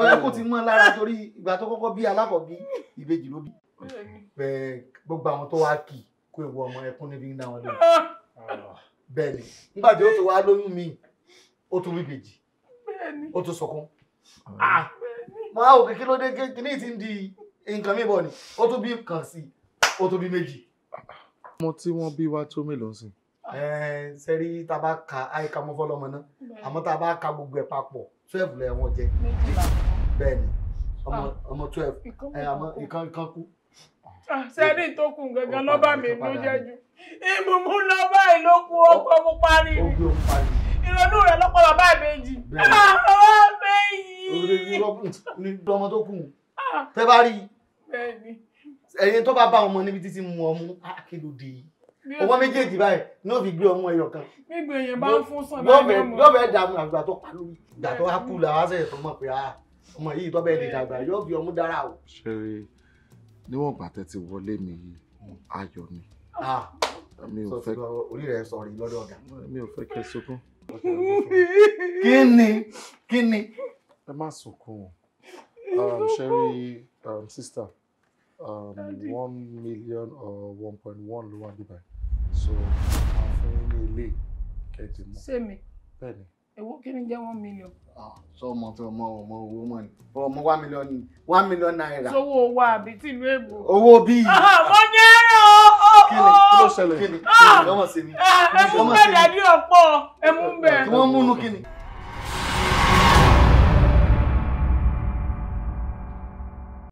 ọ̀rẹ́ kò ti mọ́ lára torí ìgbà tó kọ́kọ́ bí alákọ̀ọ́bí ìbejì ló bí. gbogbo àwọn tó wá kì í kó ewu ọmọ ẹkún níbi ń dá wọn lóyún. bẹ́ẹ̀ni nígbà tí ó ti wá lóyún mi ó tún bí ìbejì ó tún sọkún. Ah! máa wò kékeré lóde kíní ti ń di nǹkan mi bọ̀ ni ó tún bí kan sí ó tún bí méjì. ọmọ tí wọ́n bí wá tó mélòó sí. sẹ́rí tá a bá ka àyíká mọ́fọ́lọ́mọ náà àmọ́ tá a bá ka gbogbo ẹ̀ papọ̀ twelve lẹ wọn jẹ bẹ́ẹ̀ ni ọmọ ah. ọmọ twelve ẹ àmọ́ ìkan ìkan kú. sẹ́ni ah, tó kù gangan lọ́ba mi ló jẹ́ jù ìmùmú lọ́ba ìlókun ọkọ̀ mo parí ìrònú rẹ̀ lọ́pọ̀ bàbá ìbejì. Ah, àwọn méjì. ọmọ tó kù tẹ́ bá rí ẹyin tó bá bá ọmọ níbi títí mu ọmú akéde òde yìí ọwọ́ méjèèjì báyìí ní ó fi gbé ọmọ ẹyọ kan. gbígbé yẹn bá ń fún sàn láì mọ̀. yóò bẹ́ẹ̀ dààmú àgbà tó pa lórí ìgbà tó wá kú làwọn àṣẹ tó mọ̀ pé ah, ọmọ yìí tó bẹ́ẹ̀ lè dàgbà yóò fi ọmú dára o. ṣeré níwọ̀n ìgbà ti wọlé mi ayọ̀ ni. Ah, mi ò fẹ́ orí rẹ̀ sọ rí lọ́dọ̀ ọ̀gá. mi ò fẹ́ kẹ́ sunkún. kí ni kí ni. ẹ má sunkún um, ṣeré um, sísítà um, one million or one point one ló wà níbà so a fún ní ilé kẹtì mọ. sẹ́mi bẹ́ẹ̀ni. èwo kí ni jẹ́ one million. sọ ah, ọmọ tó ọmọ ọmọ owó mọ ni ọmọ one million ni one million naira. sowó wa àbí tìlú èbò. owó bíi. Ah, ah, mo ní ẹ̀rọ oh, oh. kíni kí ló ṣẹlẹ̀ kíni ọmọ sí mi. ẹmú bẹ́ẹ̀ dàbí ọ̀pọ̀ ẹmú bẹ́ẹ̀. tí wọ́n múnú kíni.